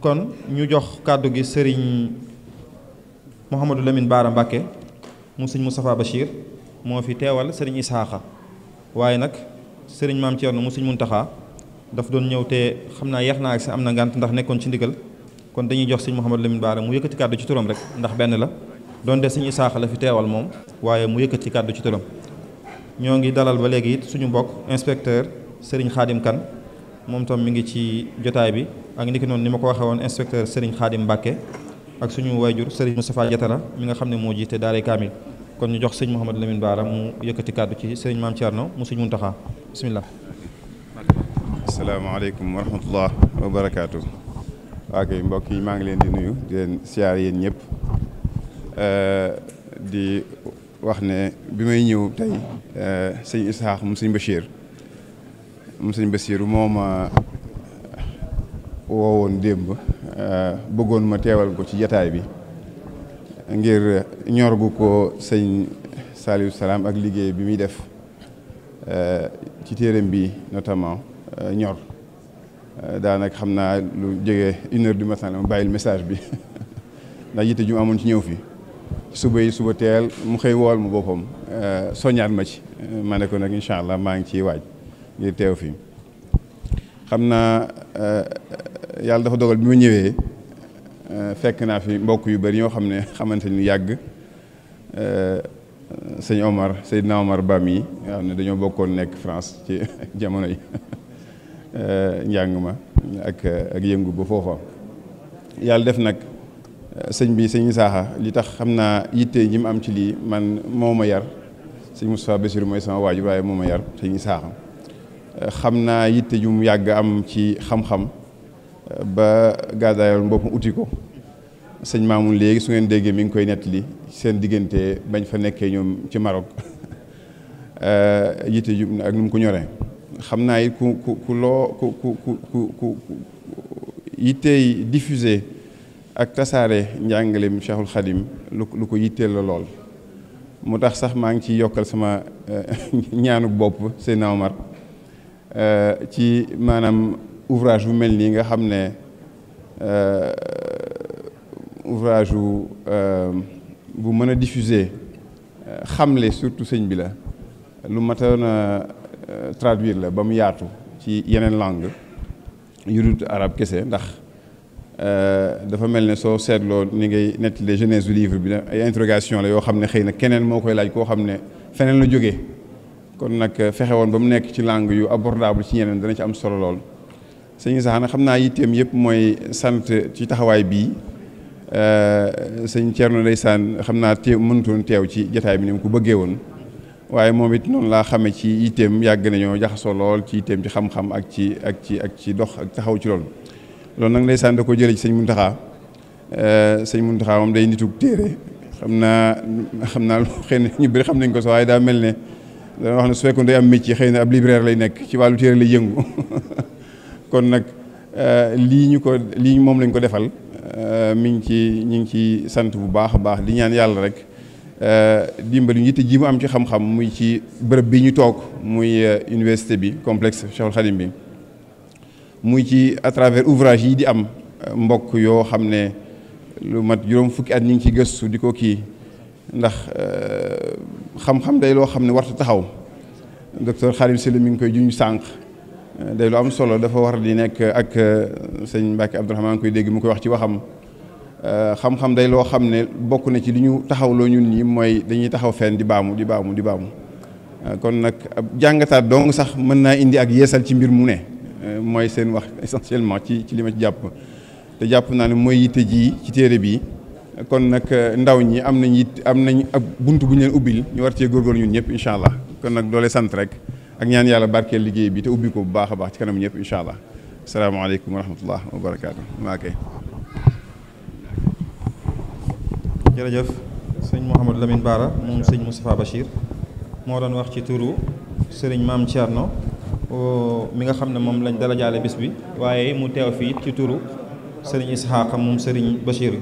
kon ñu jox kàddu gi sëriñ Mouhamadou Lamine Baara Mbacke mu sëñ Moustapha Bachir moo fi teewal sëriñ Isaaxa waaye nag sëriñ maam Thierno mu sëñ Muntaxa daf doon ñëw te xam naa yeex naa ak si am na ngant ndax nekkoon ci ndigal kon dañuy jox sëñ Mouhamadou Lamine Baara mu yëkkati kàddu ci turam rek ndax benn la doon de sëñ Isaaxa la fi teewal moom waaye mu yëkkati kàddu ci turam ñoo ngi dalal ba léegi it suñu mbokk inspecteur sëriñ Xaadim Kan mom tam mi ngi ci jotaay bi ak niki non nima ko waxe won inspecteur Serigne Khadim mbake ak suñu wayjur Serigne Moustapha Diatara mi nga xamne mo jité jiite kamil kon ñu jox serigne mohammed Lamine Bara mu yëkëti kàddu ci serigne mam tierno mu serigne muntaha bismillah assalamu alaykum wa rahmatullah wa barakatuh ak kay mbokk yi ma ngi leen di nuyu di leen siyar yéen ñëpp euh di wax ne bi may ñëw tay euh serigne ishaq mu serigne Bachir. مسني بسيرو ماما وون ديمب بعون ماتيال قطية تايبي غير نيوغوكو سين ساليو سلام أغلقي بيميدف تيرنبي نتاما نيور دانا خمنا لجيه إنر دي مثلا باي المساج بي ناجي تجوم أمون تنيوفي سوبي سوبتيال مخيوال مبوبهم سنيار ماشي ما نكون إن شاء الله ما نكتي واجد ngir teew fi xam naa euh, euh, yàlla dafa dogal bi mu ñëwee euh, fekk naa fi mbokk yu bari ñoo xam ne xamante nu yàgg sëñ Omar Seydina Omar Ba mi nga xam ne dañoo bokkoon nekk France ci jamono yi njàng ma ak ak yëngu ba foofa yàlla def nag sëñ bi sëñ saaxa li tax xam naa yitte ñi mu am ci lii man moom ma yar sëñ Moustapha Bassirou mooy sama waajur waaye moo ma yar sëñ saaxam xamna naa yitte yag am ci xam-xam ba bop outiko seigne Mamoun legi su ngeen mi ngi koy netti seen qui bañ fa ñom ci Maroc euh, ak num ko ku ku ak tassaré nyanglem Shahul Khadim lu ko la sax ngi Euh, ci manam ouvrage bu mel nii nga xamné euh ouvrage euh bu meuna diffuser euh, xamlé surtout sëñ bi la lu matoon a euh, traduire la ba yaatu ci yenen langue yu dul arab kese ndax dafa melni so setlo ni ngay les genèse du livre bi ay interrogation la yo xamné xeyna kenen na keneen moo koy laaj koo xam ne la jogué kon nag eh, fexe woon ba mu nekk ci langue yu abordable ci ñeneen dana ci am solo lool sëñ Issa xam naa yitteem yëpp mooy sant ci taxawaay bii eh, sëñ Thierno ndeysaan xam naa teew mënutoon teew ci jataay bi ni mu ko bëggee woon waaye moom it noonu laa xamee ci yitteem yàgg nañoo jaxasoo lool ci yitteem ci xam-xam ak ci ak ci ak ci dox ak taxaw ci lool loolu nag ndeysaan da ko jëlee ci sëñ Muntaxa eh, sëñ Muntaxa moom day nitug téere xam naa xam naa xëy na ñu bëri xam nañ ko sax daa mel ne dana wax ne su fekkoon day am métier xëy na ab libraire lay nekk ci wàllu téere lay yëngu kon nag euh, lii ñu ko lii moom lañ ko defal euh, mi ngi ci ñu ngi ci sant bu baax a baax di ñaan yàlla rek euh, dimbali ñu te ji mu am ci xam-xam muy ci bërëb bi ñu toog muy université bi complexe Cheikhul Khadim bi muy ci à travers ouvrage yi di am mbokk yoo xam ne lu mat juróom fukki at ñu ngi ci gëstu di ko kii ndax xam-xam day loo xam ne warta taxaw docteur Khadim Sylla mi ngi koy juñ sànq day lu am solo dafa war di nekk ak euh, sëñ Mbacke Abdourahmane koy dégg mu koy wax ci waxam euh, xam-xam day loo xam ne bokk na ci li ñu taxawloo ñun ñi mooy dañuy taxaw fenn di baamu di baamu di baamu euh, kon nag jàngataat dong sax mën naa indi ak yeesal ci mbir mu ne mooy seen wax essentiellement ci ci li jàpp te jàpp naa ne mooy yitte ji ci téere bi kon nak ndaw ñi am nañ it am nañ ab buntu bu ñeen leen ubbil ñu war ci gorgol ñun ñëpp inshallah kon nak doole sant rek ak ñaan yàlla barkeel liggéey bi te ubbi ko bu baaxa baax ci kanam ñëpp inshallah assalamu alaykum wa rahmatullah wa barakatuh ma kay jere jërëjëf seigne mohammed Lamine Bara moom seigne Moustapha Bachir mo doon wax ci turu sëriñ maam Thierno mi nga xamne mom lañ dala jale bis bi waye mu tew fi ci turu seigne ishaq mom seigne Bachir